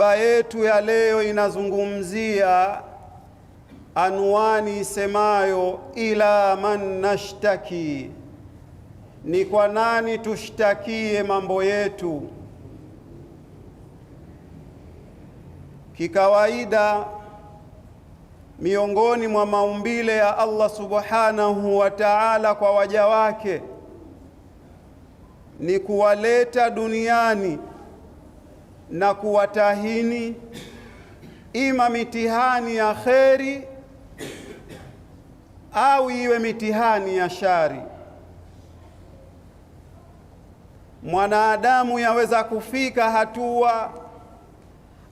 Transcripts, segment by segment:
Hotuba yetu ya leo inazungumzia anwani isemayo ila man nashtaki, ni kwa nani tushtakie mambo yetu. Kikawaida, miongoni mwa maumbile ya Allah subhanahu wa ta'ala kwa waja wake ni kuwaleta duniani na kuwatahini ima mitihani ya kheri au iwe mitihani ya shari. Mwanadamu yaweza kufika hatua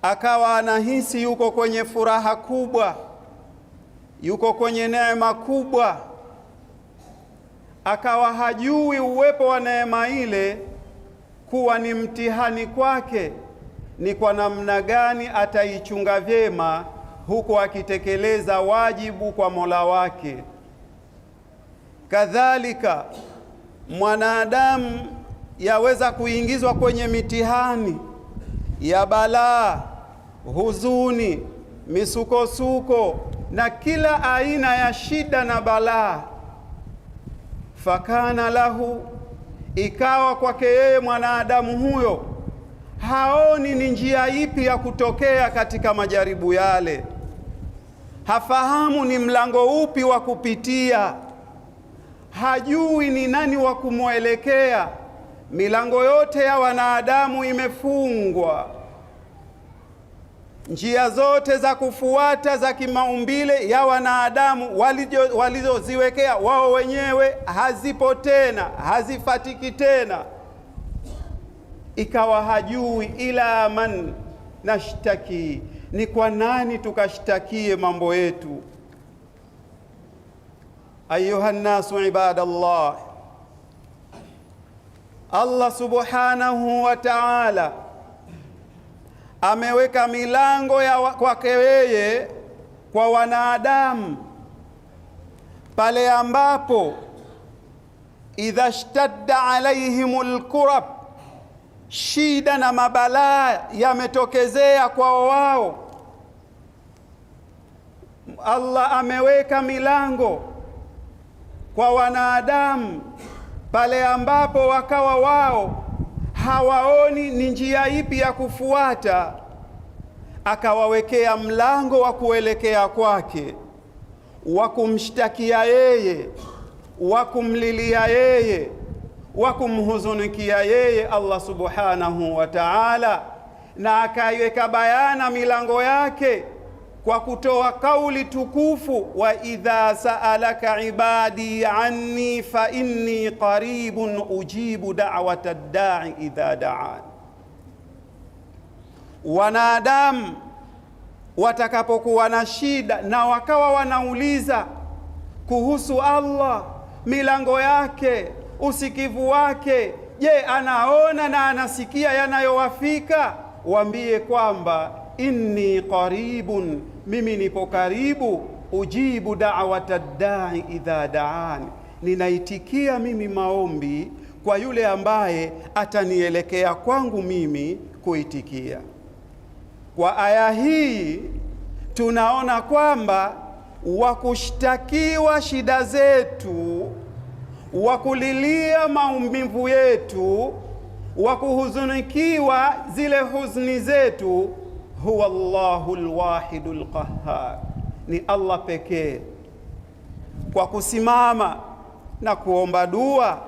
akawa anahisi yuko kwenye furaha kubwa, yuko kwenye neema kubwa, akawa hajui uwepo wa neema ile kuwa ni mtihani kwake ni kwa namna gani ataichunga vyema huku akitekeleza wajibu kwa Mola wake. Kadhalika mwanadamu yaweza kuingizwa kwenye mitihani ya balaa, huzuni, misukosuko na kila aina ya shida na balaa. Fakana lahu, ikawa kwake yeye mwanadamu huyo haoni ni njia ipi ya kutokea katika majaribu yale, hafahamu ni mlango upi wa kupitia, hajui ni nani wa kumwelekea. Milango yote ya wanadamu imefungwa, njia zote za kufuata za kimaumbile ya wanadamu walizoziwekea wao wenyewe hazipo tena, hazifatiki tena ikawa hajui ila man nashtaki, ni kwa nani tukashtakie mambo yetu. Ayuha nnasu ibadallah, Allah subhanahu wa ta'ala ameweka milango ya kwake yeye kwa wanadamu pale ambapo idha shtadda alaihim alkurab shida na mabalaa yametokezea kwao wao. Allah ameweka milango kwa wanadamu pale ambapo wakawa wao hawaoni ni njia ipi ya kufuata, akawawekea mlango wa kuelekea kwake, wa kumshtakia yeye, wa kumlilia yeye wa kumhuzunikia yeye Allah subhanahu wa ta'ala, na akaiweka bayana milango yake kwa kutoa kauli tukufu wa idha saalaka ibadi anni fa inni qaribun ujibu da'wata da'i idha da'an. Wanadamu watakapokuwa na shida na wakawa wanauliza kuhusu Allah, milango yake usikivu wake, je, anaona na anasikia yanayowafika? Waambie kwamba inni qaribun, mimi nipo karibu, ujibu da'wata dai idha daani, ninaitikia mimi maombi kwa yule ambaye atanielekea kwangu mimi kuitikia. Kwa aya hii tunaona kwamba wakushtakiwa shida zetu wa kulilia maumivu yetu, wa kuhuzunikiwa zile huzuni zetu, huwa Allahu lwahidu lqahar ni Allah pekee. Kwa kusimama na kuomba dua,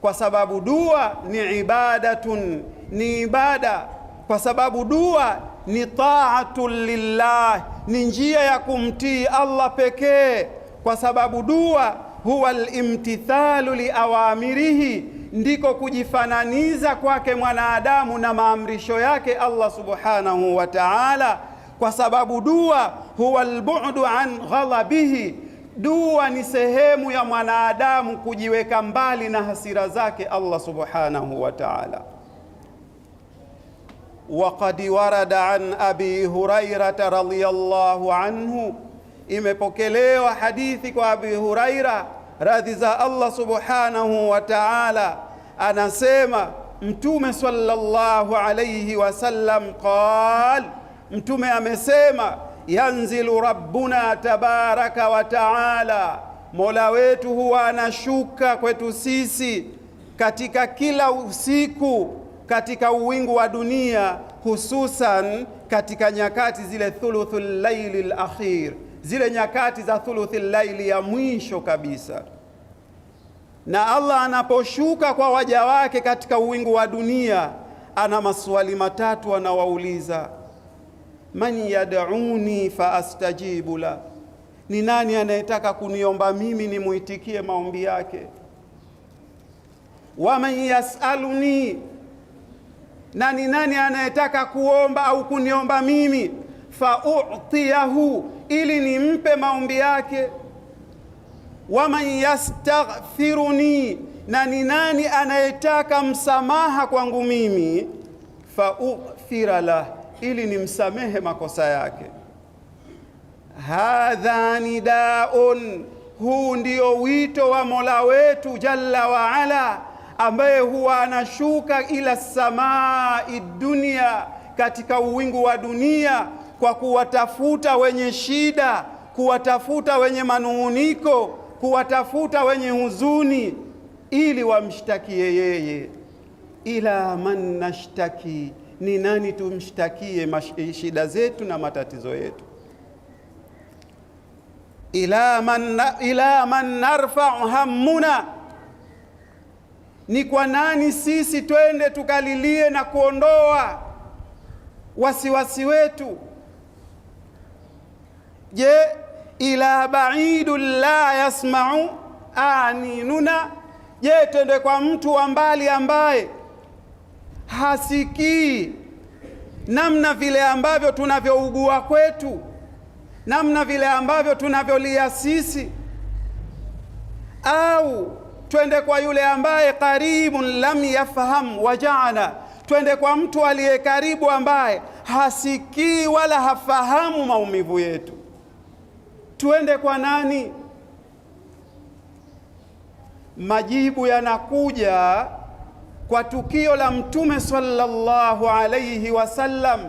kwa sababu dua ni ibadatun, ni ibada, kwa sababu dua ni taatun lillah, ni njia ya kumtii Allah pekee, kwa sababu dua huwa limtithalu liawamirihi, ndiko kujifananiza kwake mwanadamu na maamrisho yake Allah subhanahu wa ta'ala, kwa sababu dua huwa albu'du an ghadabihi, dua ni sehemu ya mwanadamu kujiweka mbali na hasira zake Allah subhanahu wa ta'ala. Waqad warada an abi Hurairata radhiyallahu anhu, imepokelewa hadithi kwa Abi Huraira radhi za Allah subhanahu wa ta'ala, anasema Mtume sallallahu alayhi wasallam qal, Mtume amesema yanzilu rabbuna tabaraka wa taala, mola wetu huwa anashuka kwetu sisi katika kila usiku katika uwingu wa dunia, hususan katika nyakati zile thuluthul laili al akhir zile nyakati za thuluthi laili ya mwisho kabisa. Na Allah anaposhuka kwa waja wake katika uwingu wa dunia, ana maswali matatu anawauliza: man yad'uni fa astajibu la, ni nani anayetaka kuniomba mimi nimuitikie maombi yake? Wa man yasaluni, na ni nani anayetaka kuomba au kuniomba mimi fautiyahu, ili nimpe maombi yake. Waman yastaghfiruni, na ni nani anayetaka msamaha kwangu mimi, faufira lah, ili nimsamehe makosa yake. Hadha nidaun, huu ndio wito wa Mola wetu jalla wa ala, ambaye huwa anashuka ila samai dunia, katika uwingu wa dunia kwa kuwatafuta wenye shida, kuwatafuta wenye manung'uniko, kuwatafuta wenye huzuni, ili wamshtakie yeye. Ila man nashtaki, ni nani tumshtakie shida zetu na matatizo yetu? Ila man, ila man narfa hammuna, ni kwa nani sisi twende tukalilie na kuondoa wasiwasi wetu Je, ila baidun la yasmau aninuna, je twende kwa mtu wa mbali ambaye hasikii namna vile ambavyo tunavyougua kwetu, namna vile ambavyo tunavyolia sisi, au twende kwa yule ambaye karibun lam yafham wajaana twende kwa mtu aliye karibu ambaye hasikii wala hafahamu maumivu yetu tuende kwa nani? Majibu yanakuja kwa tukio la Mtume sallallahu alayhi wasallam